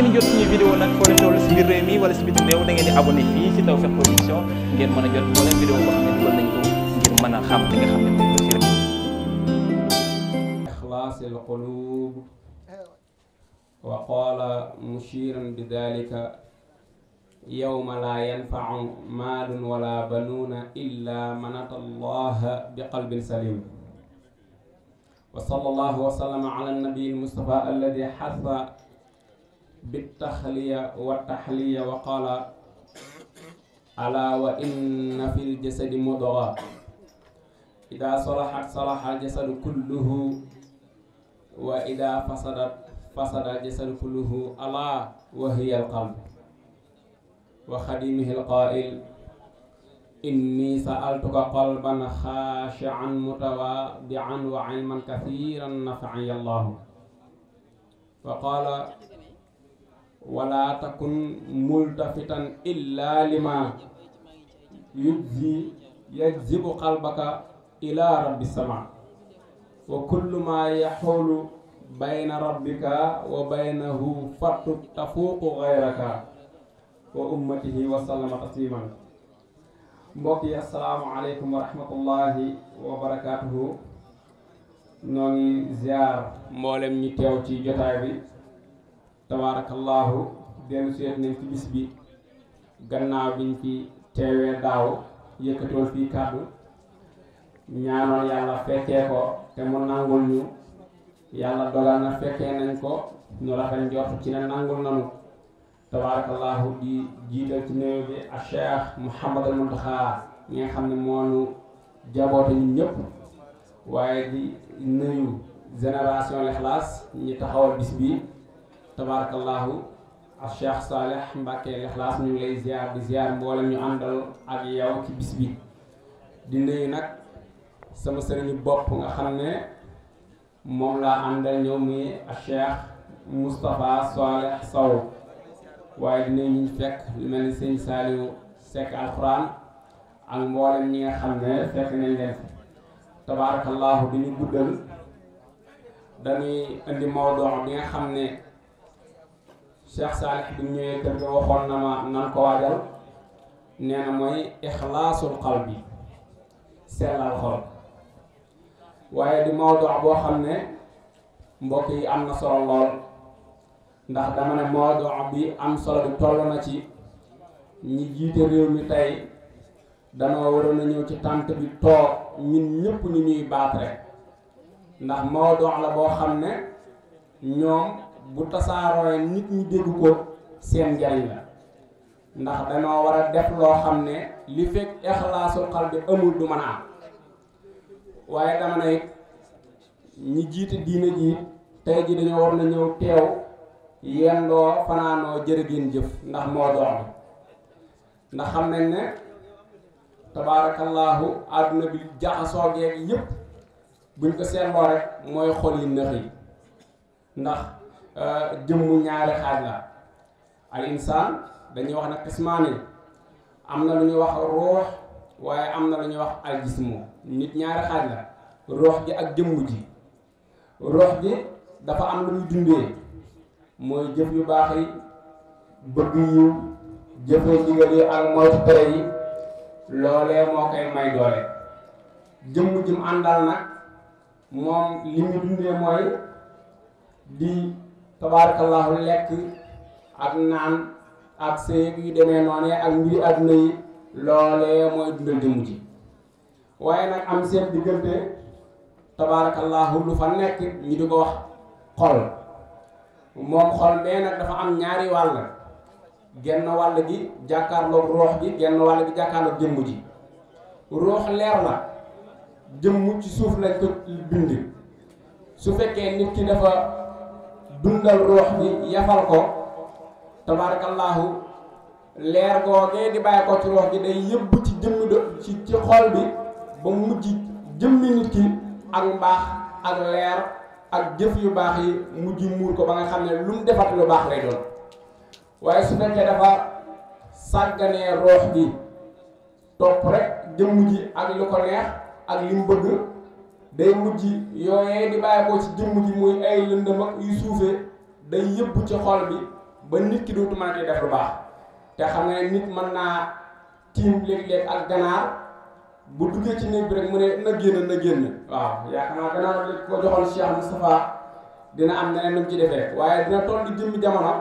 ngeen jot suñu vidéo nag foo leen toll si biir réew mi wala si biti réew da ngeen di abonné fii si Tawfekh Production ngeen mën a jot moo leen vidéo boo xam ne dugal nañ ko ngir mën a xam li nga xam ne moom la rek. ixlaasil quluub wa qaala mushiran bi dalika yawma laa yanfau maalun wala banuuna illa man ata allaha bi qalbin salim wa sallallahu wa sallama ala nabi almustafa alladi xasa بالتخلية والتحلية وقال ألا وإن في الجسد مضغة إذا صلحت صلح الجسد كله وإذا فسدت فسد الجسد كله ألا وهي القلب وخديمه القائل إني سألتك قلبا خاشعا متواضعا وعلما كثيرا نفعني الله وقال wala takun multafitan illa lima yujzi yajzibu qalbaka ila rabbi sama wa kullu ma yaxulu bayna rabbika wa baynahu fattu tafuuqu gayraka wa ummatihi wa sallama tasliman mbokk yi assalaamu aleykum wa rahmatullahi wa barakaatuhu noo ngi ziar mboolem ñi teew ci jotaay bi tabaarakallaahu dellu seet nañ ci bis bi gannaaw biñ ci teewee daaw yëkkatoon fii kàddu ñaanoon yàlla fekkee ko te mu nangul ñu yàlla dogal na fekkee nañ ko ñu rafet njort ci ne nangul nanu tabaarakallaahu di jiital ci néew bi ak Cheikh Mouhamadul Muntaxa ñi nga xam ne moonu jaboote ñun ñëpp waaye di nuyu génération L'Ikhlass ñi taxawal bis bi tabaarakallaahu ak Cheikh Saleh Mbacke Lixlaas ñu ngi lay ziar di ziar mboolem ñu àndal ak yow ci bis bi di nag sama sëriñu bopp nga xam ne moom laa àndal ñëw muy Cheikh Moustapha Saleh Sow waaye dina ñu fekk lu mel ni sëñ Saliou Seck ak mboolem ñi nga xam ne fekk nañ leen tabaarakallaahu di guddal dañuy indi mawdoo bi nga xam ne. Cheikh Salih bi mu ñëwee kër ga waxoon na ma nan ko waajal nee na mooy ixlaasul qalbi sellal xol waaye di mawdu boo xam ne mbokk yi am na solo lool ndax dama ne mawdu bi am solo bi toll na ci ñi jiite réew mi tey danoo waroon a ñëw ci tànt bi toog ñun ñépp ñu ñuy baat rek ndax mawdu la boo xam ne ñoom bu tasaaroo nit ñi dégg ko seen njariñ la ndax danoo war a def loo xam ne li fekk ixlaasul xal bi amul du mën a am waaye dama ne ñi jiite diine ji tey ji dañoo war na ñëw teew yendoo fanaanoo jërëgéen jëf ndax moo dox ndax xam nañ ne tabaarakallaahu àdduna bi jaxasoo yépp buñ ko seetloo rek mooy xol yi nëx yi ndax Euh, jëmm ñaari xaaj la al insaan dañuy wax na xismaani am na lu ñuy wax ruux waaye am na lu ñuy wax al jismu nit ñaari xaaj la ruux ji ak jëmm ji ruux bi dafa am lu muy dundee mooy jëf yu baax yi bëgg yiw jëfee ndigal yi ak moytu tere yi loolee moo koy may doole jëmm jim àndal nag moom li muy dundee mooy di tabaarakallaahu lekk ak naan ak sëy yu demee noonee ak mbiri adduna yi loolee mooy dundal jëmm ji waaye nag am seen diggante tabaarakallaahu lu fa nekk ñu du ko wax xol moom xol bee nag dafa am ñaari wàll genn wàll gi jàkkaarloog roox gi genn wàll gi jàkkaarloog jëmm ji roox leer la jëmm ci suuf lañ ko bind su fekkee nit ki dafa dundal ruux bi yafal ko tabaarakallaahu leer googee di bàyyi ko ci ruux gi day yëbb ci jëmm do ci ci xol bi ba mujj jëmmi ki ak mbaax ak leer ak jëf yu baax yi mujj muur ko ba nga xam ne lu mu defat lu baax lay doon waaye su fekkee dafa sàgganee ruux bi topp rek jëmm ji ak lu ko neex ak li mu bëgg day mujj yooyee di bàyyi ko ci jëmm ji muy ay lëndëm ak yu suufee day yëpp ci xol bi ba nit ki dootu mën a def lu baax te xam nga nit mën naa tiim léeg-léeg ak ganaar bu duggee ci néeg bi rek mu ne na génn na génn waaw yaakaar naa ganaar léegi ko joxoon Cheikh Moustapha dina am neneen lu ci waaye dina toll di jëmmi jamono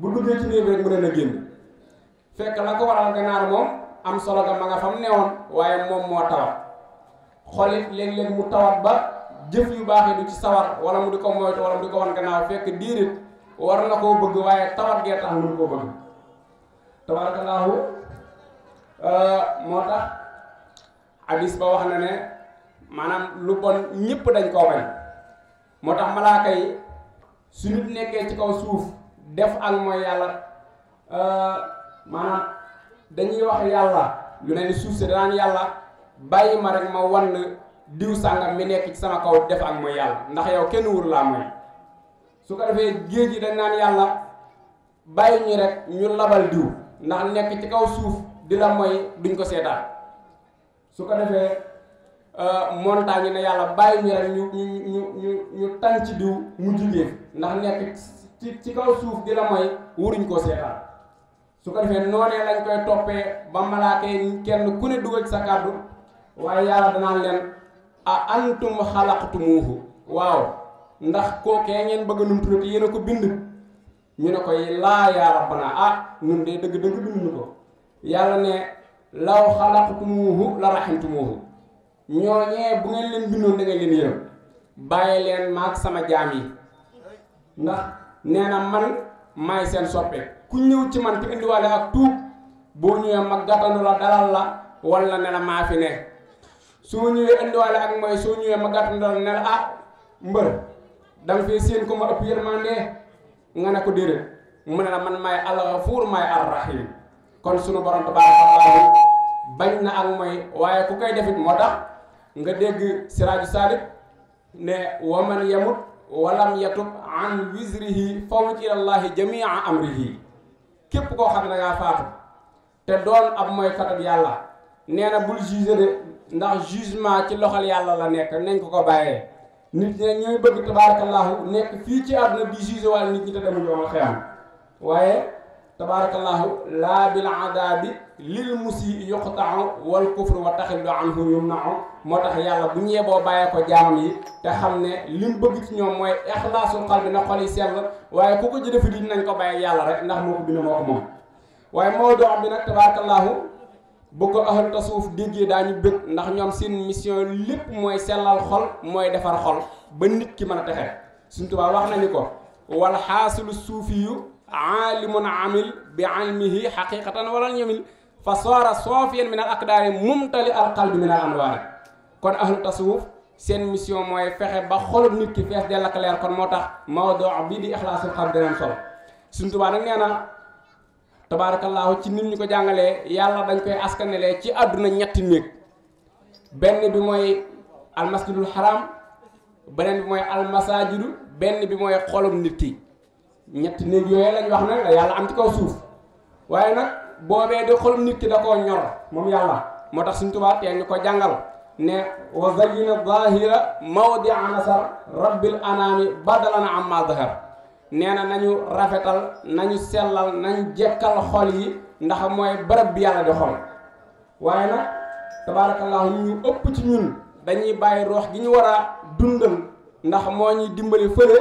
bu duggee ci néeg bi na génn fekk la ko waral ganaar moom am solo ga ma nga fam newoon waaye moom moo tawat xolit leen leen mu tawat ba jëf yu baax yi du ci sawar wala mu di ko moytu wala mu di ko wan gannaaw fekk diirit war na koo bëgg waaye tawat gee tax mu di ko bëgg tabarakallahu euh, moo tax hadis ba wax na ne maanaam lu bon ñëpp dañ koo bañ moo tax malaaka yi su nit nekkee ci kaw suuf def ak mooy yàlla euh, maanaam dañuy wax yàlla yu ne ni suuf si danaan yàlla bàyyi ma rek ma wan diw sàngam mi nekk ci sama kaw def ak mooy yàlla ndax yow kenn wur laa mooy su ko defee géej gi dañ naan yàlla bàyyi ñu rek ñu labal diw ndax nekk ci kaw suuf di mooy duñ ko seetaan su ko defee euh, montagne yi ne yàlla bàyyi ñu rek ñu ñu ñu ñu tànn ci diw mu jugee ndax nekk ci ci kaw suuf di la mooy wuruñ koo seetaan su ko defee noonee lañ koy toppee ba malaaka yi kenn ku ne dugal ci sa kàddu waaye yàlla danaan leen a antum xalaqtumuuhu waaw ndax kookee ngeen bëgg num tuddati yéen a ko bind ñu ne koy laa yaa rabbana ah nun de dëgg dëgg binduñu ko yàlla ne law xalaqtumuuhu la raximtumuuhu ñooñee bu ngeen leen bindoon da leen yërëm bàyyi leen maag sama jaam yi ndax nee na man maay seen soppe ku ñëw ci man te indiwaale ak tuub boo ñëwee mag gàttandu la dalal la walla ne la maa fi ne su ma ñëwee indiwaale ak mooy soo ñëwee ma gàtt ndal ne la ah mbër da nga fee séen ko ma ëpp yërmande nga ne ko déedéet mu ne la man maay alxafuur maay arrahim kon sunu borom tabaaraka bañ na ak mooy waaye ku koy defit moo tax nga dégg siraaju saalib ne waman yamut walam yatub an wisrihi fawt ilallahi jamia amrihi képp koo xam ne dangaa faatu te doon ab mooy katab yàlla nee na bul jugé de ndax jugement ci loxol yàlla la nekk nañ ko ko bàyyee nit ñi ñooy bëgg tabaarakallaahu nekk fii ci àdduna bi juge wàll nit ñi te demu yowmal xiyaam waaye tabaarakallaahu laa bil adaabi lil musii yuqtau wal kufru wa taxillu na yumnau moo tax yàlla bu ñu boo bàyyee ko jaamam yi te xam ne li mu bëgg ci ñoom mooy ixlaasul xal bi na xol yi sell waaye ku ko jëlee fi di nañ ko bàyyee yàlla rek ndax moo ko bind moo ko moom waaye moo dox bi nag tabaarakallaahu bu ko ahlu tasawuf déggee daañu bëgg ndax ñoom seen mission lépp mooy sellal xol mooy defar xol ba nit ki mën a texe suñ tubaab wax nañu ko wal xaasilu suufi yu aalimun amil bi almihi xaqiqatan wala ñamil fa soora soofiyan min al aqdaari mumtali bi qalbi min al anwaari kon ahlu tasawuf seen mission mooy fexe ba xolub nit ki fees dell ak kon moo tax mawdoo bii di ixlaasul xalb danañ solo suñ nag nee na tabaarakallaahu ci nit ñu ko jàngalee yàlla dañ koy askanelee ci àdduna ñetti néeg benn bi mooy almasjidul haram beneen bi mooy almasajidu benn bi mooy xolub nit ki ñetti néeg yooyu lañ wax ne la yàlla am ci kaw suuf waaye nag boobee di xolub nit ki da koo ñor moom yàlla moo tax suñ tubaab tee ñu ko jàngal ne wa zayyina zahira mawdia rabbil anami badalan amma zahar nee na nañu rafetal nañu sellal nañu jekkal xol yi ndax mooy bërëb bi yàlla di xol waaye nag tabaarakallaahu ñu ëpp ci ñun dañuy bàyyi roox gi ñu war dundam ndax moo ñuy dimbali fële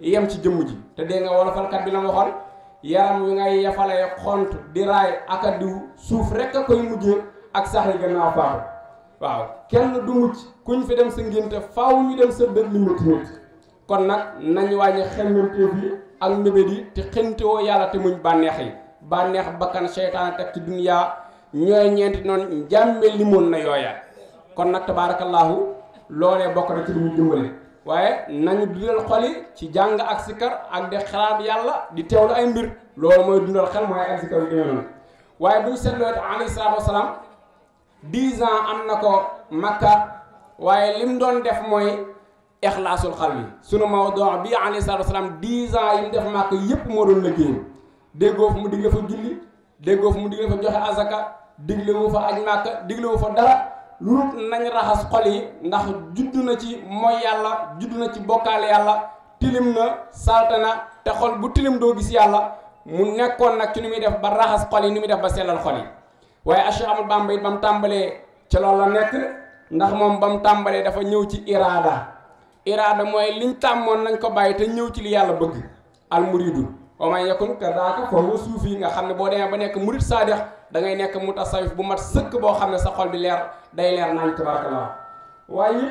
yem ci jëmm ji te dee nga wolofalkat bi la ma waxoon yaram wi ngay yafalee xont di raay ak diw suuf rekk a koy mujjee ak sax yi gën a faatu waaw kenn du mucc kuñ fi dem sa ngénte faw ñu dem sa dër li métti kon nag nañu wàññi xemmemteef yi ak mébét yi te xentewoo yàlla te muñ bànneex yi bànneex bakkan seytaane teg ci duniyaa ñooy ñeenti noonu jàmme limoon na yooya kon nag tabaarakallaahu loolee bokk ci lu ñu dimbale waaye nañu dundal xol ci jàng ak sikkar ak di xalaat yàlla di teewlu ay mbir loolu mooy dundal xel mooy ak sikkar yu demee noonu waaye bu ñu seetloo alayhi salaatu wasalaam dix am na ko makka waaye lim doon def mooy ixlaasul xal bi sunu mawdoo bi alayhi salaatu wasalaam dix ans yi mu def màkk yépp moo doon liggéey déggoo fu mu digle fa julli déggoo fu mu digle fa joxe azaka digle wu fa aj màkk digle wu fa dara lu nañ raxas xol yi ndax juddu na ci mooy yàlla judd na ci bokkaale yàlla tilim na salte na te xol bu tilim doo gis yàlla mu nekkoon nag ci nu muy def ba raxas xol yi nu muy def ba sellal xol yi waaye Cheikh Ahmadou Bamba yi ba mu tàmbalee ci loolu la nekk ndax moom ba tàmbalee dafa ñëw ci iraada iraada mooy liñ tàmmoon nañ ko bàyyi te ñëw ci li yàlla bëgg al muridu wa man yakun kadaaka fa huwa suufi nga xam ne boo demee ba nekk murid saadix da ngay nekk mutasawif bu mat sëkk boo xam ne sa xol bi leer day leer naan tabaarkalla waaye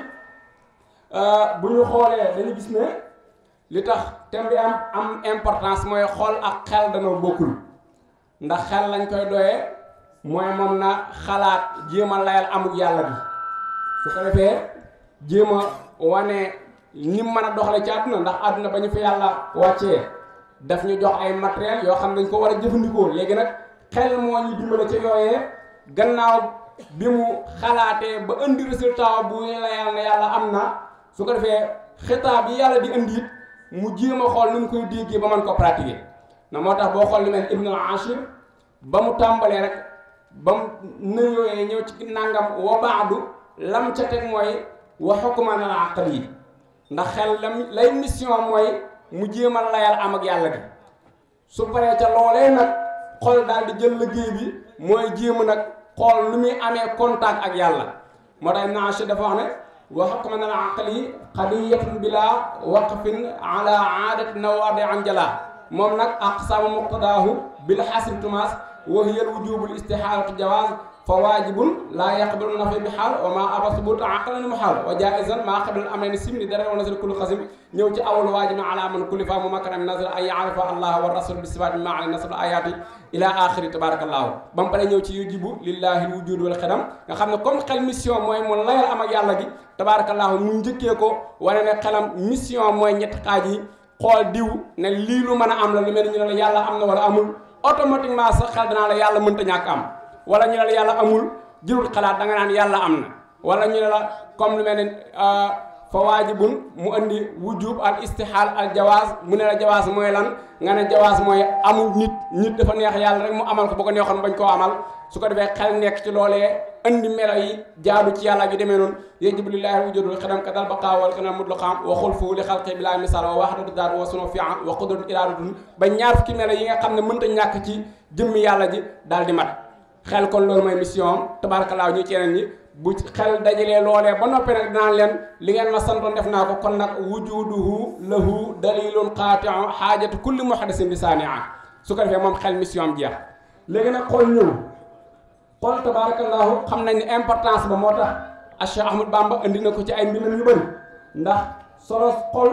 euh, bu ñu xoolee dañu gis li tax thème am importance mooy xol ak xel danoo bokkul ndax xel lañ koy doyee mooy moom na xalaat jéem a layal amuk yàlla bi su ko defee jéem wane ni mën a doxale ci àdduna ndax àdduna ba ñu fi yàlla wàccee daf ñu jox ay matériel yoo xam ne dañ ko war a jëfandikoo léegi nag xel moo ñu dimbale ci yooyee gannaaw bi mu xalaatee ba indi résultat bu la yàlla yàlla am na su ko defee xitaab yi yàlla di indi mu jéem ma xool nu mu koy déggee ba man ko pratiquer na moo tax boo xool li mel Ibn al ba mu tàmbalee rek ba mu nuyooyee ñëw ci nangam wa baadu lam ca teg mooy wa xukman al aqal yi ndax xel lay mission mooy mu jéem a layal am ak yàlla gi su paree ca loolee nag xol daal di jël liggéey bi mooy jéem nag xool li muy amee contact ak yàlla moo tax naasi dafa wax ne wa xukman al aqal yi xadiyatun bila waqfin ala aadati nawaadi anjala moom nag aqsama muqtadaahu bil xasib tumaas wa hiya al wujubul istixaalatu fa waajibun laa yaqbalu nafi bi xaal wa maa aba subuta aqlan mu xaal wa jaizan maa xablal amrayni simni dara wa nasr kulli xasim ñëw ci awal waajibin ala man kulli fa mu makkanam nasr ay wa rasul bi sifaati maa ali nasr ayaati ila axiri tabarakallahu ba mu pare ñëw ci yujibu lillahi wujud wal xidam nga xam ne comme xel mission mooy mu layal am ak yàlla gi tabarakallahu mu njëkkee ko wane ne xelam mission mooy ñetti xaaj xool diw ne lii lu mën a am la lu mel ñu ne la yàlla am na wala amul automatiquement sa xel wala ñu ne la yàlla amul jërul xalaat danga nga naan yàlla am na wala ñu ne la comme lu mel ne euh, fa waajibun mu andi wujub al istixaal al jawaas mu ne la jawaas mooy lan nga ne jawaas mooy amul nit nit dafa neex yàlla rek mu amal ko bu ko neexoon bañ koo amal su ko defee xel nekk ci loolee andi melo yi jaadu ci yàlla ju demee noonu yajibu lillahi wujudul xidam ka dal ba xaawal xinam mudlu xaam wa xulfu li xalqi bi laa wa waxdatu daat wa sunu fian wa ba ñaar fukki melo yi nga xam ne mënta ñàkk ci jëmmi yàlla ji daal di mat xel kon loolu mooy mission am tabaarkalaaw ñu ci yeneen ñi bu xel dajalee loolee ba noppi nag dinaan leen li ngeen ma santoon def naa ko kon nag wujuduhu lahu dalilun qaati'un xaajatu kulli muhaddisin bi saani'a su ko defee moom xel mission am jeex léegi nag xool ñëw xool tabaarakallahu xam nañ ne importance ba moo tax Cheikh Ahmad Bamba indi na ko ci ay mbindam yu bëri ndax solo xol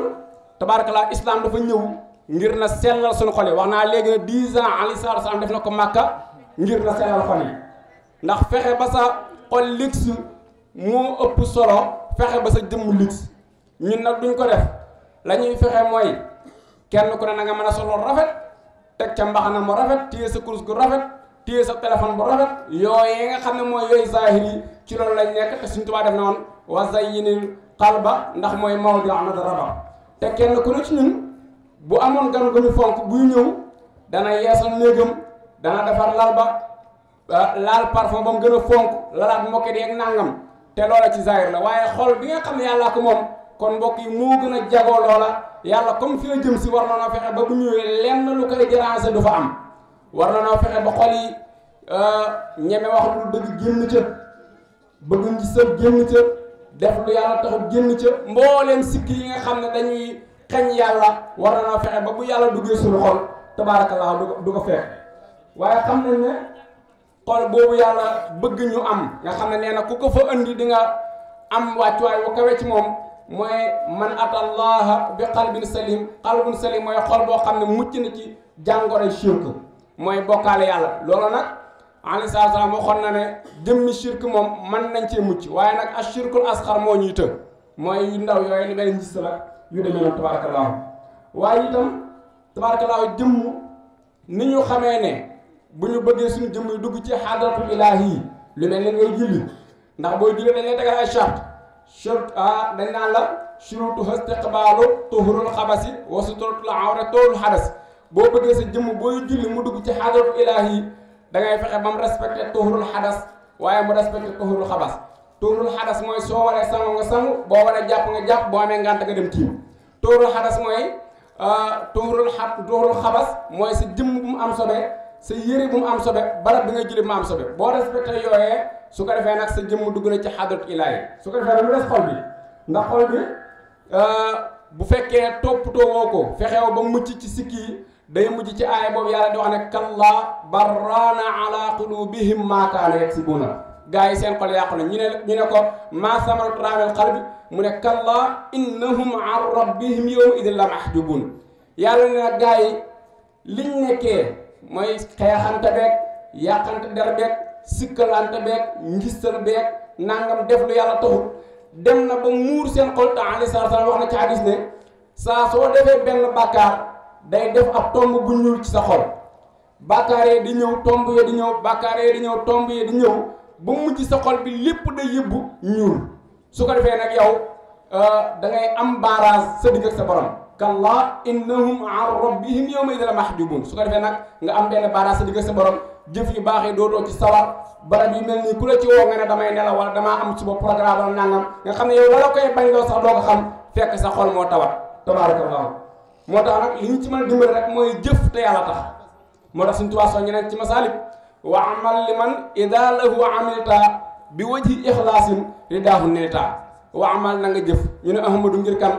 tabaarakallahu islam dafa ñëw ngir na sellal suñu xol yi wax naa léegi ne 10 ans alayhi salaatu def na ko Màkka ngir la seeral xol yi ndax fexe ba sa xol luxe mu ëpp solo fexe ba sa jëmm luxe ñun nag duñ ko def lañuy fexe mooy kenn ku ne na nga mën a solo rafet teg ca mbaxana mu rafet téye sa kurus gu rafet téye sa téléphone bu rafet yooyu nga xam ne mooy yooyu zahir yi ci loolu lañ nekk te suñ tubaa def na woon wa xal ba ndax mooy mawdi nadraba te kenn ku ne ci ñun bu amoon gan gu ñu fonk buy ñëw dana yeesal néegam dana defar lal ba laal parfum ba mu gën a fonk lalaat mokket yeeg nangam te loola ci zahir la waaye xol bi nga xam ne yàllaa ko moom kon mbokk yi moo gën a jagoo loola yàlla comme fi la jëm si war na noo fexe ba bu ñëwee lenn lu koy déranger du fa am war na noo fexe ba xol yi euh, ñeme wax lu dëgg génn ca bëgg ngisal génn ca def lu yàlla taxut génn ca mbooleem sikk yi nga xam ne dañuy xañ yàlla war na noo fexe ba bu yàlla duggee suñu xol tabaarakallah du ko du waaye xam nañ ne xol boobu yàlla bëgg ñu am nga xam ne nee na ku ko fa andi di nga am wàccuwaay bu kawe ci moom mooy man atallaha bi xalbin salim xalbun salim mooy xol boo xam ne mucc na ci jàngoro shirk mooy bokkaale yàlla loolu nag alayhi salaatu salaam waxoon na ne jëmmi shirk moom mën nañ cee mucc waaye nag a shirkul asxar moo ñuy të mooy yu ndaw yooyu li mel ngis la yu demee noonu tabaarakallaahu waaye itam tabaarakallaahu jëmm ni ñu xamee ne bu ñu bëggee suñu jëmm yi dugg ci xadratul ilaahi yi lu mel ne ngay julli ndax booy julli dañ lay tegal ay charte charte ah dañ naan la shurutu istiqbaalu tuhurul xabasi wa suturatul awra toolu xadas boo bëggee sa jëmm booy julli mu dugg ci xadratul ilaahi yi da ngay fexe ba mu respecté tuhurul xadas waaye mu respecté tuhurul xabas tuhurul xadas mooy soo waree sangu nga sangu boo waree jàpp nga jàpp boo amee ngànt nga dem tiim tuhurul xadas mooy ah, tuhurul xa tuhurul xabas mooy sa jëmm bu mu am sobee sa yére bu mu am sobe barab bi nga julli mu am sobe boo respecté yooyee su ko defee nag sa jëmm dugg na ci xadrat ilaahi su ko defee nag lu des xol bi ndax xol bi euh, bu fekkee toppatoo woo ko fexew ba mucc ci sikki yi day mujj ci aaya boobu yàlla di wax ne kalla barraana ala qulubihim maa kaana yaksibuuna gaa yi seen xol yàqu na ñu ne ñu ne ko maa samaratu raamel qalbi mu ne kalla innahum an rabbihim yawma idin la mahjubuun yàlla ne nag gaa yi liñ nekkee mooy xeexante beeg yàqante der beeg sikkalante beeg ngistal beeg nangam def lu yàlla taxul dem na ba muur seen xol te aleyhi salaatu salaam wax na ci hadis ne saa soo defee benn bàkkaar day def ab tomb bu ñuul ci sa xol bàkkaar yee di ñëw tomb yee di ñëw bàkkaar di ñëw tomb yee di ñëw ba mujj sa xol bi lépp day yëbbu ñuul su ko defee nag yow euh, da ngay am barrage sa digg ak sa borom. kalla innahum an rabbihim yawma idin la mahjubun su ko defee nag nga am benn baaraas sa digg sa borom jëf yu baaxee dootoo ci sawar barab yi mel nii ku la ci woo nga ne damay nelaw wala damaa am suba programme wala nangam nga xam ne yow la la koy bañ loo moo tawat tabaarakallah moo tax nag li ñu ci mën a dimbali rek mooy jëf te yàlla tax moo tax suñu tuwaasoon wa amal liman ida lahu amilta bi waji ixlaasin ridaahu nilta wa amal na nga jëf ñu ne ahmadu ngir kan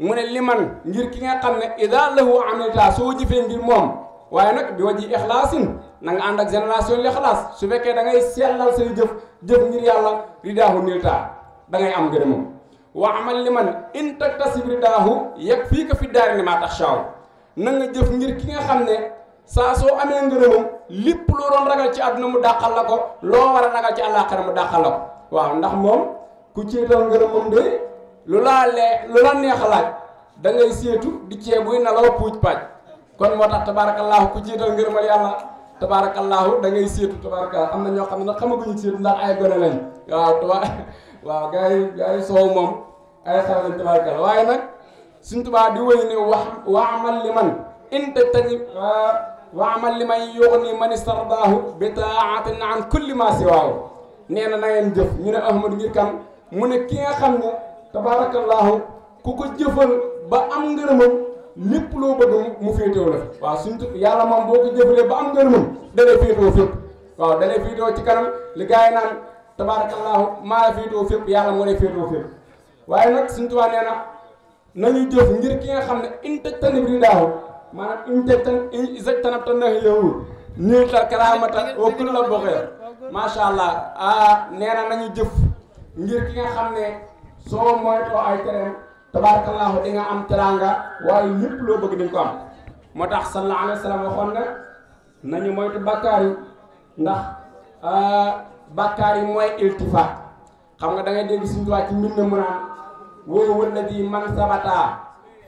mu ne liman ngir ki nga xam ne ida lahu amilta soo jëfee ngir moom waaye nag bi waji ixlaasin na nga ànd ak génération li su fekkee da ngay sellal say jëf jëf ngir yàlla ridaahu nilta da ngay am gërëmam wa amal liman in taktasib ridaahu yeg fii ko fi daari maa tax shaaw na nga jëf ngir ki nga xam ne saa soo amee ngërëmam lépp loo doon ragal ci àdduna mu dàqal la ko loo war a ragal ci àllaaxira mu dàqal la ko waaw ndax moom ku lu laa lee lu la neex laaj da ngay seetu di cee buy nalaw puuj paaj kon moo tax tabaarakallaahu ku jiital ngërëmal yàlla tabaarakallaahu da ngay seetu tabaaraka am na ñoo xam na nag xamaguñu seetu ndax ay gone waaw tuba waaw gars yi gars yi waaye nag suñ tubaa di wëy ne wax waamal li ah, man inte tajib waamal li man ma man istardaahu bi taatin an kulli ma siwaahu nee na na ngeen jëf ñu ne ahmadu ngir kan mu ne ki xam ne tabaarakallaahu ku ko jëfal ba am ngërëmam lépp loo bëgg mu féetewoo la waaw suñ yàlla moom boo ko jëfalee ba am ngërëmam dalee féetewoo fépp waaw dalee féetewoo ci kanam li gars yi naan tabaarakallaahu maa la féetewoo fépp yàlla moo lay féetewoo waaye nag suñ tubaab nee na nañuy jëf ngir ki nga xam ne intajtanib ridaahu maanaam intajtan isajtanabta nahyahu niital karaamata wa kulla allah ah nee na nañu jëf ngir ki nga xam ne soo moytoo ay tereem tabaarakallaahu di nga am teraanga waaye lépp loo bëgg di ko am moo tax sallallaahu alayhi wa sallam waxoon na nañu moytu bàkkaar yi ndax euh, bàkkaar yi mooy iltifaat xam nga dangay ngay dégg suñu tubaab ci mbir na mu naan wóoru walladi man sabata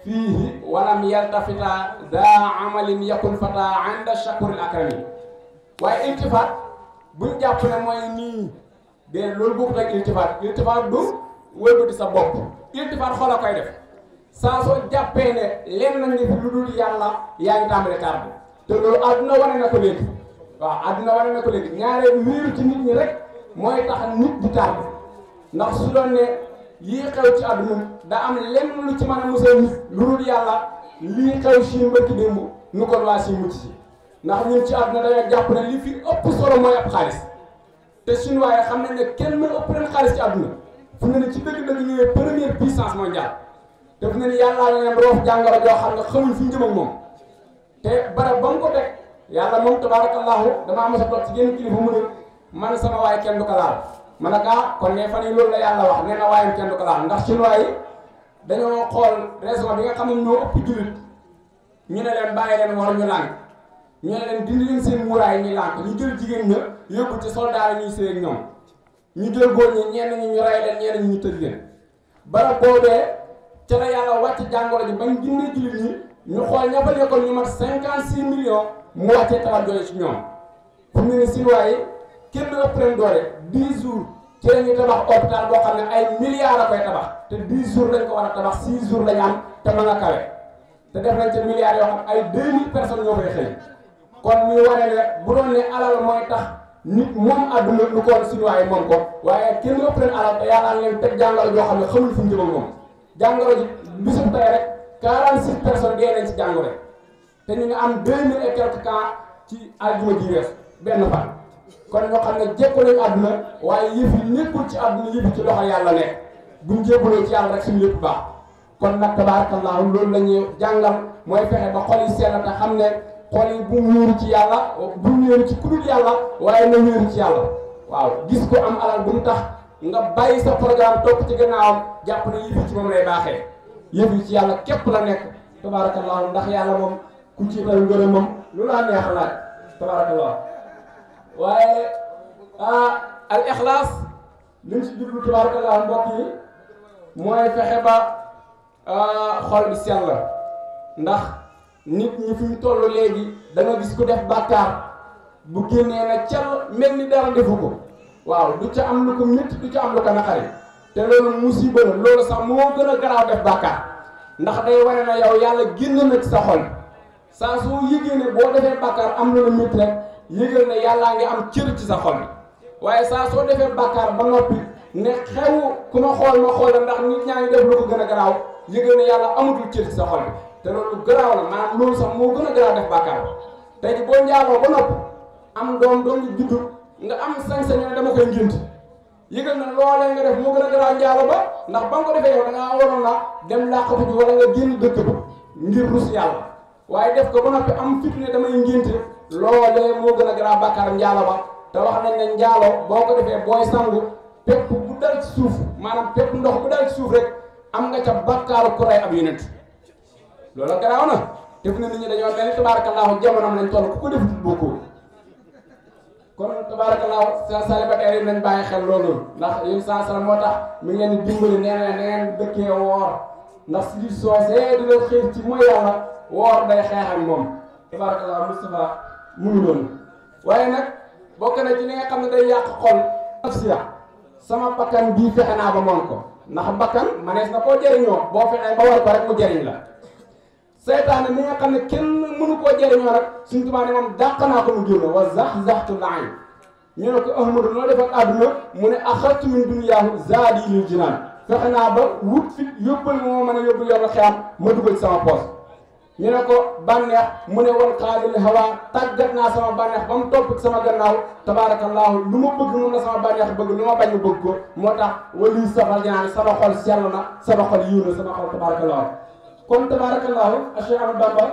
fiihi walam yaltafita daa amalin yakun fata inda shakuril akrami waaye iltifaat buñ jàpp ne mooy nii de loolu bokk ak iltifaat iltifaat du wëlbati sa bopp iltifaat xol a koy def saa soo jàppee ne lenn na ngi lu dul yàlla yaa ngi tàmbale tardé te loolu àdduna wane na ko léegi waaw àdduna wane na ko léegi ci nit ñi rek mooy tax nit di tardé ndax su doon ne yii xew ci àdduna da am lenn lu ci mën a musal nit lu dul yàlla lii xew si mbëkki démb nu kon waa si mucc si ndax ñun ci àdduna dañoo jàpp na li fi ëpp solo mooy ab xaalis te chinois yi xam nañ ne kenn mën ëpp leen xaalis ci àdduna fu mu ne ci dëgg-dëgg yooyu première puissance mondiale def na ni yàllaa la leen roof jàngoro joo xam ne xamuñ fu ñu jëm ak moom te barab ba mu ko teg yàlla moom tabaarakallaahu damaa mos a toog ci génn ne man waay kenn du ko laal ma ne ah kon ne fan yii loolu la yàlla wax nee na waayam kenn du ko laal ndax chinois yi dañoo xool raison bi nga xam ne ñoo ëpp jullit ñu ne leen bàyyi leen war ñu lànk ñu ne leen dindi leen seen muuraay ñuy lànk ñu jël jigéen ña yóbbu ci soldat yi ñuy séy ak ñoom. ñu jël góor ñi ñenn ñi ñu rey leen ñenn ñi ñu tëj leen barab boobee ca yàlla wàcc jàngoro ji bañ gindi jullit ñi ñu xool ña fa nekkoon ñu mat cinquante six millions mu wàccee tabax doole ci ñoom pour ñu ne Sinoa yi kenn du ëpp doole dix la tabax hôpital boo xam ne ay milliards la koy tabax te dix jours lañ ko war a tabax six jours lañ te mën a kawe te def nañ ca milliards yoo xam ay deux mille personnes ñoo koy xëy nit moom àdduna lu ko war a sinuwaay moom ko waaye kenn ëpp leen alal te yàlla leen teg jàngoro joo xam ne xamul fu mu jëm ak moom jàngoro ji bisu tey rek 46 personnes dee nañ ci jàngoro te ñu ngi am 2000 et quelques cas ci àdduna ji wees benn fan kon ñoo xam ne jékko nañ àdduna waaye yëf yi nekkul ci àdduna yëpp ci loxo yàlla ne nekk buñ jébbaloo ci yàlla rek suñu yëpp baax kon nag tabaarakallaahu loolu la ñuy jàngal mooy fexe ba xol yi sell te xam ne. xol yi bu mu ci yàlla bu mu ci kudul yàlla waaye na wéeru ci yàlla waaw gis ko am alal bu mu tax nga bàyyi sa programme topp ci gannaawam jàpp ne yëf yi ci moom lay baaxee yëf ci yàlla képp la nekk tabaarakallaahu ndax yàlla moom ku ci dal ngërëmam lu laa neex laaj tabaarakallaahu waaye ah al ixlaas li mu ci jublu tabaarakallaahu mbokk yi mooy fexe ba xol bi sell ndax. nit ñi fi mu toll léegi danga gis ku def bàkkaar bu génnee na cal mel ni dara defu ko waaw du ca am lu ko métti du ca am lu ko naqari te loolu musiba la loolu sax moo gën a garaaw def bàkkaar ndax day wane na yow yàlla génn na ci sa xol saa soo yëgee ne boo defee bàkkaar am na lu métti rek yëgal ne yàllaa ngi am cër ci sa xol waaye saa soo defee bàkkaar ba noppi ne xew ku ma xool ma xool ndax nit ñaa ngi def lu ko gën a garaaw yëgal ne yàlla amatul ci sa xol te loolu garaaw la maanaam loolu sax moo gën a garaaw def bàkkaar tey ji boo njaaroo ba nopp am doom doom ju juddu nga am sañ-sañ ne dama koy ngént yëgal na loolee nga def moo gën a garaaw njaaro ba ndax ba nga ko defee yow da ngaa waroon la dem làqatu ji wala nga génn dëkk ba ngir rus def ko ba noppi am fit ne damay ngénte loolee moo gën a garaaw bàkkaar njaalo ba te wax nañ ne njaalo boo ko defee booy sangu pepp bu dal ci suuf maanaam pepp ndox bu dal ci suuf rek am nga ca bàkkaaru ku rey ab yonent loolu garaaw na def na nit ñi dañoo mel ni tabaarakallaahu jamonoom lañ toll ku ko def bokkoo kon tabaarakallaahu sa célibataire yi nañ bàyyi xel loolu ndax yéen saa sala moo tax mi ngeen di dimbali nee na ngeen dëkkee woor ndax si biir soosee dina xëy ci mooy yàlla woor day xeex ak moom tabaarakallaahu Moustapha mu ngi noonu waaye nag bokk na ci li nga xam ne day yàq xol nafsiya sama bakkan bii fexe naa ba moom ko ndax bakkan manees na koo jëriñoo boo fexee ba war ko rek mu la seytaane mi nga xam ne kenn mënu koo jëriñoo rek suñ tubaab ne moom dàq naa ko mu génn wa zax-zaxtu laañ ñu ne ko ahmadu noo def ak àdduna mu ne axartu min duniyaahu zaadi lil jinaan fexe naa ba wut fit yóbbal moo mën a yóbbu yoonu xiyam ma dugal sama poos ñu ko bànneex mu ne wal xaadil hawa tàggat naa sama bànneex ba mu topp sama gannaaw tabaarakallaahu lu ma bëgg moom la sama bànneex bëgg lu ma bañ a bëgg ko moo tax waluy safal jinaan sama na sama xol yiw na sama xol kon tabaarakallaahu Cheikh Ahmadou Bamba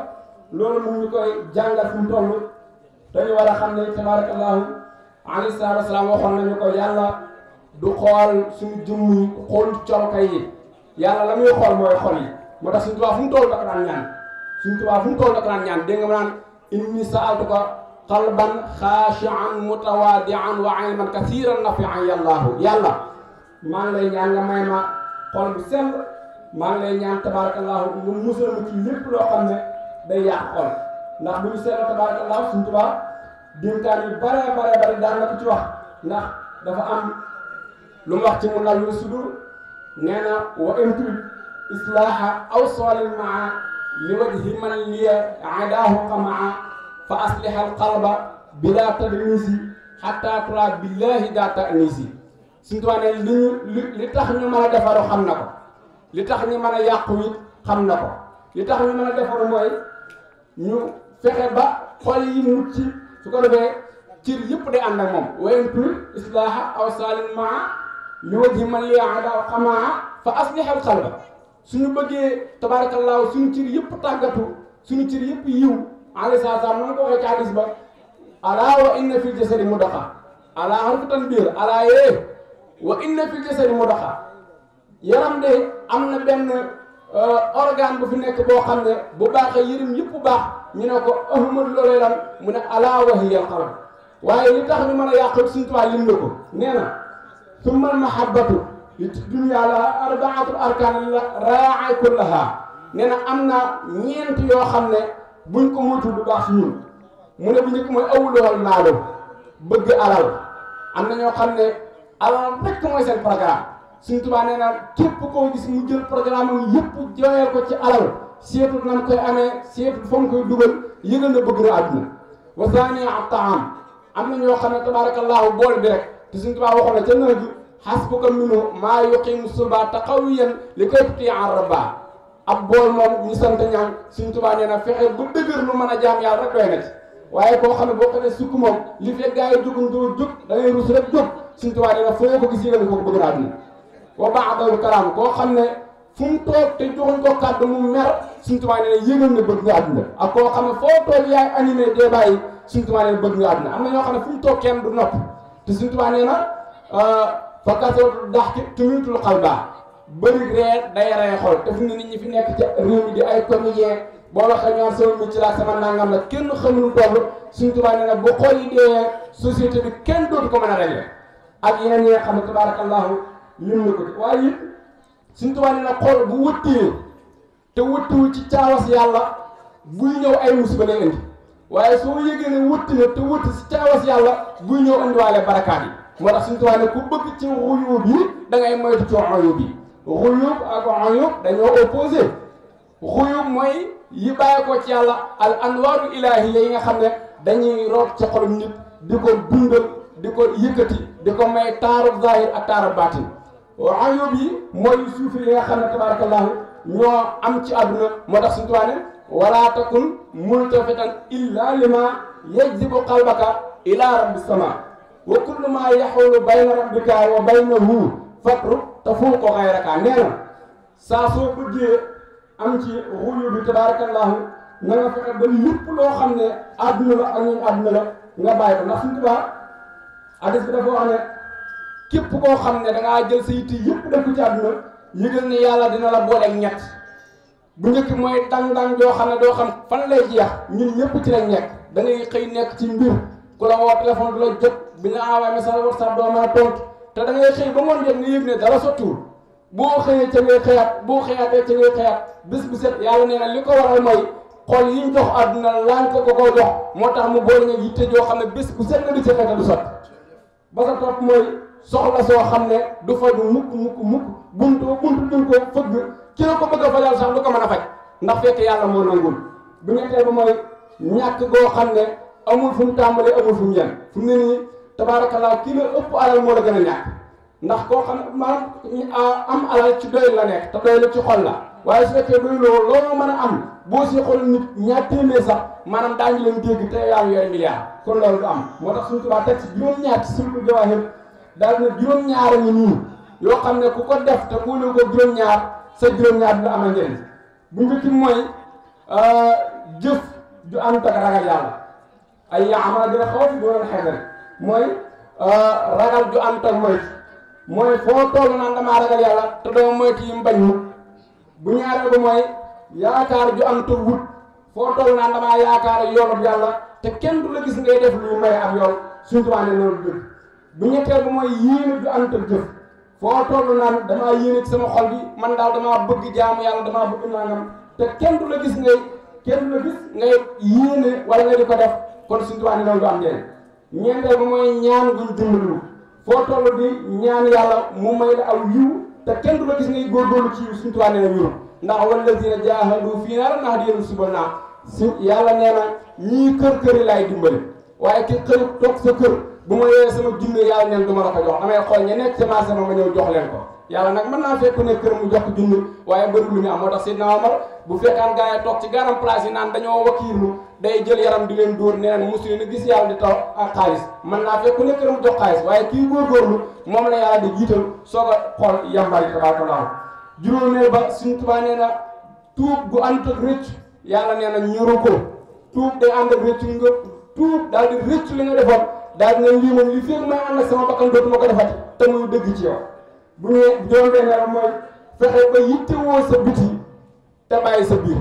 loolu mu ñu koy jàngal fu mu toll dañu war a xam ne tabaarakallaahu alayhi salaatu wa salaam waxoon nañu ko yàlla du xool suñu jëmm xool colkay yi yàlla la muy xool mooy xol yi moo tax suñu tubaab fu mu toll dafa daan ñaan suñu tubaab fu mu toll dafa daan ñaan dégg nga mu naan inni sa'altuka wa 'ilman kathiiran nafi'an yàllaahu yàlla maa ngi lay ñaan nga may ma xol bu maa ngi lay ñaan tabarakallahu nga musal ci lépp loo xam ne day yàq xol ndax bu ñu seetlu tabarakallahu suñu tubaab dénkaan yu daan na ko ci wax ndax dafa am lu mu wax ci mu nal yu sudur nee na wa intul islaaha aw soolin maa li wajhi man liya adaahu qamaa fa asliha alqalba bila tadnisi xatta tura billahi daa tanisi suñu tubaab ne li ñu li tax ñu mën a defaru xam na ko li tax ñu mën a yàqu it xam na ko li tax ñu mën a defaru mooy ñu fexe ba xol yi mucc su ko defee cir yépp de ànd ak moom wayen tur islaaha aw saalim maa li waji man liadaw xamaa fa aslihal xalba suñu bëggee tabaarakallaahu suñu cir yëpp tàggatu suñu cir yëpp yiw alai saa salam nana ko waxee ci hadis ba alaa wa inna fil jasadi mudaxa alaa xarfu tanbiir alaa yee wa inna fil jasadi mudaxa yaram de am na benn euh, organe bu fi nekk boo xam ne bu baaxee yërim yëpp bu baax ñu ne ko ahmad loolee mu ne alaa wahiyal xalam waaye li tax ñu mën a yàq suñu tubaab lim na ko nee na summal mahabbatu li dunya laha arbaatul arkaan la raay kullaha nee na am na ñeent yoo xam ne buñ ko moytu bu baax si ñun mu ne bu njëkk mooy awluwal maalu bëgg alal am na ñoo xam ne alal rek mooy seen programme Sëñ Tuubaa nee naa képp koo gis mu jël programme am yëpp ko ci alal seetul nan koy amee seetul fa mu koy dugal yëgal na bëgg na na ñoo xam ne tabaarakallaahu boole bi rek te Sëñ Tuubaa waxoon na ca nawet bi xasbuka minu maa yuqimu subaata qawiyan li koy tuuti en rabaa ab ñu sant ñaan Sëñ Tuubaa na fexe ba dëgër lu mën a jaam koo xam ne boo ko li fekk gaa yi jógul doo jóg wa baadal kalaam koo xam ne fu mu toog te joxuñ ko kàddu mu mer suñ tubaab nee na yëgal na bëgg nga àdduna koo xam ne foo toog yi suñ tubaab nee na bëgg nga àdduna na ñoo xam ne fu mu toog kenn du nopp te suñ tubaab nee na euh, fa kasootu dax ki tumitul xal baa bëri ree day rey xol te fu ne nit ñi fi nekk ci réew ay comédien boo waxee ñoom sama mucc laa sama nangam la kenn xamul toll suñ tubaab nee na bu xol yi bi kenn dootu ko mën a régler ak yeneen yi xam ne tabarakallahu lim ko de waaye it suñ tubaab na xool bu wëttee te wëttiwul ci caawas yàlla buy ñëw ay musiba lay indi waaye soo yëgee ne wëtti na te wëtti si caawas yàlla buy ñëw indiwaale barakaat yi moo tax suñ tubaab ne ku bëgg ci xuyóob yi da ngay moytu ci xuyóob yi xuyóob ak xuyóob dañoo opposé xuyóob mooy yi bàyyi ko ci yàlla al anwaaru ilaahiya yi nga xam ne dañuy root ci xolum nit di ko dundal di ko yëkkati di ko may taaru zahir ak taaru baatin ayub yi mooy suuf yi nga xam ne tabarakallahu ñoo am ci àdduna moo tax suñu Tuubaa ne wala takun multafitan illa lima yajzibu qalbaka ila rabbi sama wa kullu ma yaxulu bayna rabbika wa baynahu fatru tafuuqu xayraka nee na saa soo bëggee am ci ruyu bi tabarakallahu na nga fexe ba lépp loo xam ne aduna la ak ñoom la nga bàyyi ko ndax suñu Tuubaa addis bi dafa wax képp koo xam ne da ngaa jël sa yitti yëpp def ko ci àdduna yëgal ne yàlla dina la booleeg ñett bu njëkk mooy dang-dang joo xam ne doo xam fan lay jeex ñun ñëpp ci lañ nekk da ngay xëy nekk ci mbir ku la woo téléphone du la jot bi nga envoyé message whatsapp doo mën a tontu da ngay xëy ba ngoon jot nga ne boo xëyee ca bis bu set yàlla na li ko waral mooy xool yi ñu jox àdduna lànk ko ko jox moo tax mu boole nga yitte joo xam ne bés bu set nga di ca fekk du ba sa topp mooy soxla soo xam ne du faju mukk mukk mukk buntu buntu duñ ko fëgg ki la ko bëgg a fajal sax du ko mën a faj ndax fekk yàlla moo nangul bi ñetteel bi mooy ñàkk goo xam ne amul fu mu tàmbalee amul fu mu yem fu mu ne nii tabaarakallaa kii la ëpp alal moo la gën a ñàkk ndax koo xam maanaam am alal ci doy la nekk te doy la ci xol la waaye su fekkee doy loo loo mën a am boo si xol nit ñaar téeméer sax maanaam daañu leen dégg te yaa ngi yore milliard kon loolu du am moo tax suñu tubaab teg ci juróom-ñaar ci suñu daal na juróom-ñaar a ngi nii yoo xam ne ku ko def te boole ko juróom-ñaar sa juróom-ñaar dina amal njëriñ bu njëkk mooy euh, jëf ju ànd ak ragal yàlla ay yaamal dina xaw fi doon xeex rek mooy euh, ragal ju ànd ak moytu mooy foo toll naan damaa ragal yàlla te doo moytu yi mu bañ mu bu yi ba mooy yaakaar ju ànd ak wut foo toll naan damaa yaakaar yoonu yàlla te kenn du la gis ngay def luy may am yoon suñu tubaab ne loolu dëgg bu ñetteel ba mooy yéene du ànd ak jëf foo toll naan damaa yéene ci sama xol bi man daal damaa bëgg jaamu yàlla damaa bëgg nangam te kenn du la gis ngay kenn du la gis ngay yéene wala nga di ko def kon suñu tubaab ni loolu du am njëriñ ñeenteel ba mooy ñaan guñ dimbalu foo toll bi ñaan yàlla mu may la aw yiw te kenn du la gis ngay góorgóorlu ci suñu tubaab nee na ñu ndax wallazina jaahadu fiinaa lanahdiyannahum subulanaa si yàlla nee na ñii kër kër yi laay dimbali waaye ki xëy bu ma yoree sama junne yàlla neen du ma la ko jox damay xool ña nekk ca marché ba ma ñëw jox leen ko yàlla nag mën naa fekk ne kër mu jox ko junne waaye bëri lu ñu am moo tax Seydina Omar bu fekkaan gars yi toog ci garam place yi naan dañoo wakiirlu day jël yaram di leen dóor nee na mosu gis yàlla di taw ak xaalis man naa fekk ne kër mu jox xaalis waaye kii góorgóorlu moom la yàlla di jiital soog a xool yàmbar yi juróomee ba suñu Tuubaa nee na tuub gu ànd ak rëcc nee na ñoru ko tuub day ànd ak rëcc nga li nga defoon daal di leen lii moom li fekk may ànd sama bakkan dootuma ko defati te muy dëgg ci yow bu ñu doon beneen mooy fexe ba yittewoo sa biti te bàyyi sa biir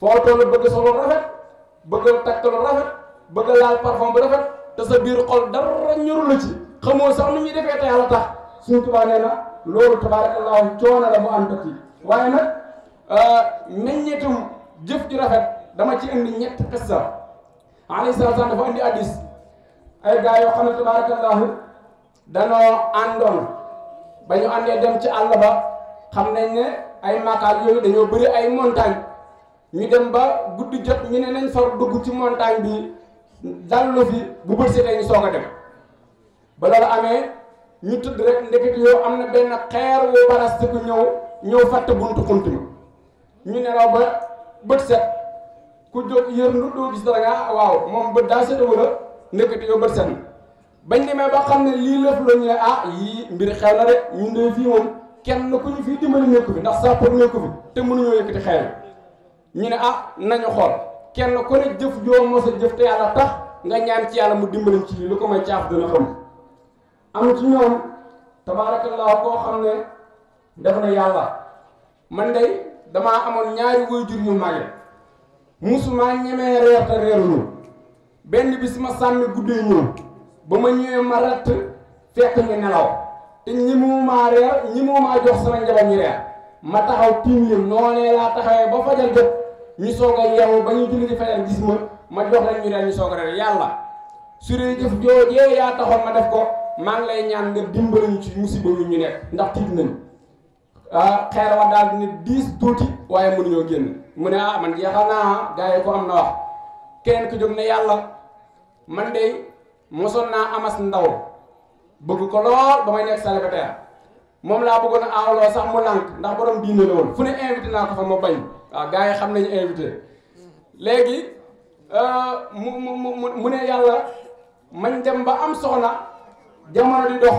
foo toll bëgg solo rafet bëgg takk lu rafet bëgg laal parfum bu rafet te sa biir xol dara ñoru la ci xamoo sax nu ñuy defee te yàlla tax suñu tubaab nee na loolu tabaarakallaahu coono la mu am ak ci waaye nag euh, meññeetum jëf ju rafet dama ci indi ñett xissa a salaatu salaam dafa indi addis ay gaa yoo xam ne tabaarakallahu danoo àndoon ba ñu àndee dem ci àll ba xam nañ ne ay maakaar yooyu dañoo bëri ay montagne ñu dem ba guddi jot ñu ne nañ sor dugg ci montagne bi dallu fi bu bët setee ñu soog a dem ba loolu amee ñu tëdd rek ndeket yoo am na benn xeer wu barastiku ñëw ñëw fàtte buntu xunt mi ñu nelaw ba bët set ku jóg yërndu doo gis dara nga waaw moom bët daa set wala nekkati yow bët seen bañ demee ba xam ne lii lépp la ñu ne ah, yii mbir xew na de ñun de fii moom kenn ku ñu fii dimbali nekku fi ndax sàppar nekku fi te mënuñoo yëkkati xeer ñu ne a ah, nañu xool kenn ko ne jëf joo mos jëf te yàlla tax nga ñaan ci yàlla mu dimbali ci lii lu ko may caaf dina xam am ci ñoom tabaarakallaa koo xam ne def na yàlla man day damaa amoon ñaari waajur yu màgge musuma ñemee reer te reerulu benn bis ma sànni guddee ñëw ba ma ñëwee ma ratt fekk ñu nelaw ñi mu maa reer ñi mu maa jox sama njaboot ñu reer ma taxaw tiim leen noonee laa taxawee ba fajar ñu soog a yeewu ba ñu ma ma jox leen ñu reer ñu soog a reer yàlla su dee jëf joojee yaa taxoon ma def ko maa ngi lay ñaan nga dimbali ñu ci musiba yu ñu nekk ndax tiit nañu xeer wa daal di diis tuuti waaye mënuñoo génn mu ne ah man a naa gars ko am na wax keneen ku jóg yàlla. man de mosoon naa amas ndaw bëgg ko lool ba may nekk célibataire moom laa bëggoon a aawloo sax mu lànk ndax borom diine la woon fu ne invité naa ko fa ma bañ waaw gars yi xam nañu invité léegi euh, mu mu mu ne yàlla mañ dem ba am soxna jamono di dox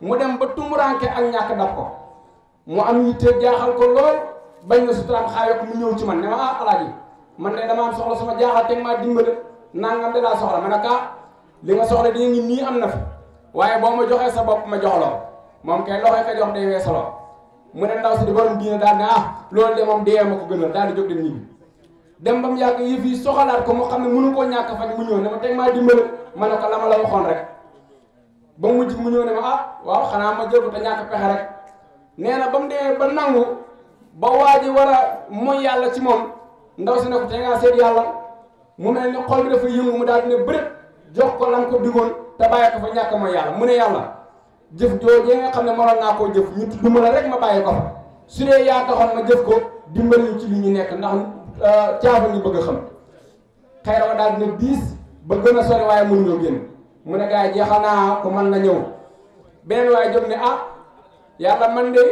mu dem ba tumuranke ak ñàkk dab ko mu am yitte jaaxal ko lool bañ na suturaam xaayo ko mu ñëw ci man ne ma ah alaaji man de dama am soxla sama jaaxal teg maa dimbale nangam de laa soxla ma na kaa ah, li nga soxla di ngi nii am na fi waaye boo ma joxee sa bopp ma jox la moom kay loxo ka jox day weesaloo mu ne ndaw si di borom daal ne ah loolu de moom dee ma ko gënal daal di jóg dem nii dem ba mu yàgg yëf yi soxalaat ko mu xam ne mënu koo ñàkk faj mu ñëw ne ma teg maa dimbali ma ne ko la ma la waxoon rek ba mujj mu ñëw ne ma ah waaw xanaa ma jël ko te ñàkk pexe rek nee na ba mu demee ba nangu ba waa ji war a mooy yàlla si moom ndaw si ne ko te ngaa seet yàlla mu mel ni xol bi dafa yëngu mu daal di ne bërëb jox ko lam ko digoon te bàyyi ko fa ñàkk ma yàlla mu ne yàlla jëf joojee nga xam ne mënoon naa koo jëf ñu tudd ma la rek ma ko su dee yaa taxoon ma jëf ko dimbali ñu ci li ñu nekk ndax euh, caafa ñu bëgg a xam xayra wa daal di ne diis ba gën a sori waaye mënuñoo génn mu ne gars yi jeexal naa ko man na ñëw beneen waaye jóg ne ah yàlla man de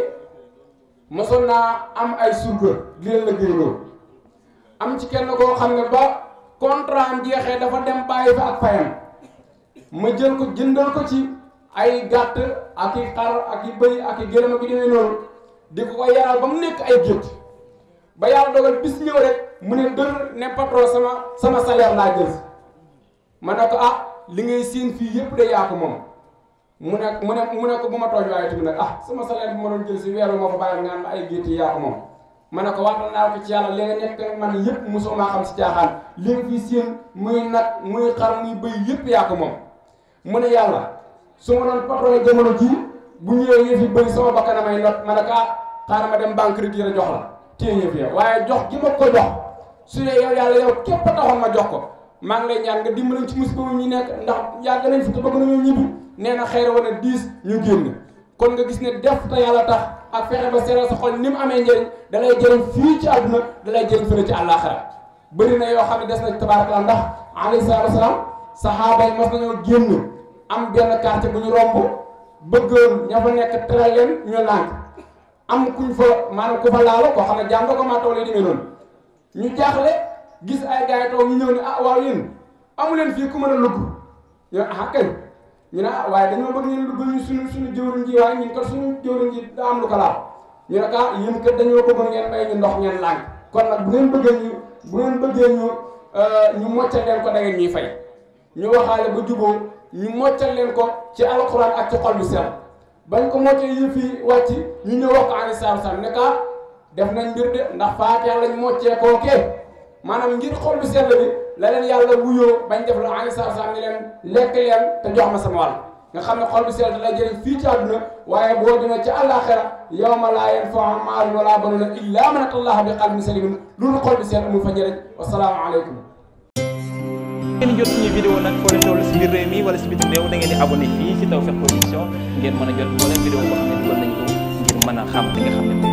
son naa am ay surga di leen la gërëloo am ci kenn koo xam ne ba. contrat am jeexee dafa dem bàyyi fa ak fayam ma jël ko jëndal ko ci ay gàtt ak i xar ak i bëy ak i gërëm ak i demee noonu di ko ko yaral ba mu nekk ay gétt ba yàlla dogal bis ñëw rek mu ne dër ne patron sama sama salaire laa jël ma ne ko ah li ngay seen fii yépp de yaa moom mu ne mu ne bu ma tooñ waaye tamit nag ah sama salaire bi ma doon jël si weeru moo fa bàyyi ngaan ma ay gétt yi moom ma ne ko wax naa ko ci yàlla li nga nekk man yëpp mosoo maa xam si caaxaan li nga fi seen muy nag muy xar muy bëy yëpp yaa ko moom mu ne yàlla su ma doon patron jamono jii bu ñëwee yëf yi bëri sama bakkan may not ma ne ko ah xaaral ma dem banque rek yi a jox la téye yëf ya waaye jox gi ma ko jox su dee yow yàlla yow képp taxoon ma jox ko maa ngi lay ñaan nga dimbali ci musiba wu nekk ndax yàgg nañ fi te bëgg nañu ñibbi nee na xëy na wala diis ñu génn. kon nga gis ne def te yàlla tax ak fexe ba seeral sa xol ni mu amee njëriñ dalay jëriñ fii ci àdduna dalay jëriñ fële ci àllaaxira bëri na yoo xam ne des na ci tabaaraka ndax alayhi sa wasalaam saxaaba yi mas nañoo génn am benn quartier bu ñu romb bëggoon ña fa nekk teral leen ñu lànk am kuñ fa maanaam ku fa laalo koo xam ne jàmm ko maa taw lay demee noonu ñu jaaxle gis ay gars yi taw ñu ñëw ne ah waaw yéen amu fii ku mën a lugg yow ah ñu ne ah waaye dañoo bëgg ngeen duggal ñu suñu suñu jëwriñ ji waaye ñun kat suñu jëwriñ ji da am lu ko laal ñu ne ah yéen kat dañoo bëgg ngeen may ñu ndox ngeen làng kon nag bu ngeen bëggee ñu bu ngeen bëggee ñu euh, ñu moccal leen ko da ngeen ñuy fay ñu waxaale ba juboo ñu moccal leen ko ci alxuraan ak ci xol bi sell bañ ko moccee yëf yi wàcc ñu ñëw wax ko alayhi salaam ne ka ah, def nañ mbir de ndax faatiha lañ moccee kookee maanaam ngir xol bu sell bi la leen yàlla wuyoo bañ def la alayhi salaatu salaam ni leen lekk leen te jox ma sama wàll nga xam ne xol bu sell da lay jëriñ fii ci àdduna waaye boo demee ci àllaaxira yawma laa yanfau maalun wala banuuna illaa man atallaha bi qalbin saliim loolu xol bu sell amul fa njëriñ wasalaamu aleykum ngeen jot suñu vidéo nag foo leen toll si biir réew mi wala si bitim réew da ngeen di abonné fii si Tawfekh Production ngeen mën a jot moo xam ne dugal nañ ko ngir mën xam nga xam